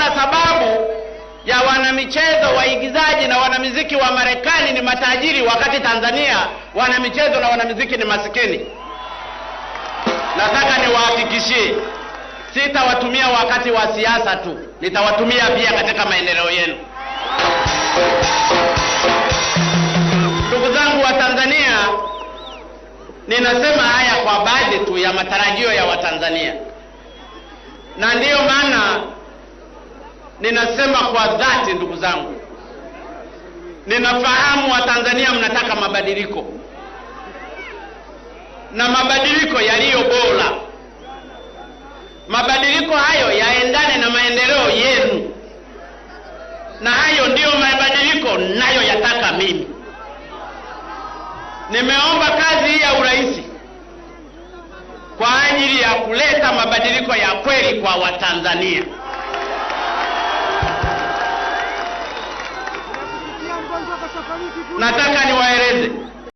kuna sababu ya wanamichezo waigizaji na wanamiziki wa Marekani ni matajiri, wakati Tanzania wanamichezo na wanamiziki ni masikini. Nataka niwahakikishie, sitawatumia wakati wa siasa tu, nitawatumia pia katika maendeleo yenu. Ndugu zangu wa Tanzania, ninasema haya kwa baadhi tu ya matarajio ya Watanzania na ndiyo Ninasema kwa dhati, ndugu zangu, ninafahamu Watanzania mnataka mabadiliko na mabadiliko yaliyo bora. Mabadiliko hayo yaendane na maendeleo yenu, na hayo ndiyo mabadiliko yataka mimi. Nimeomba kazi hii ya urahisi kwa ajili ya kuleta mabadiliko ya kweli kwa Watanzania. 那看看。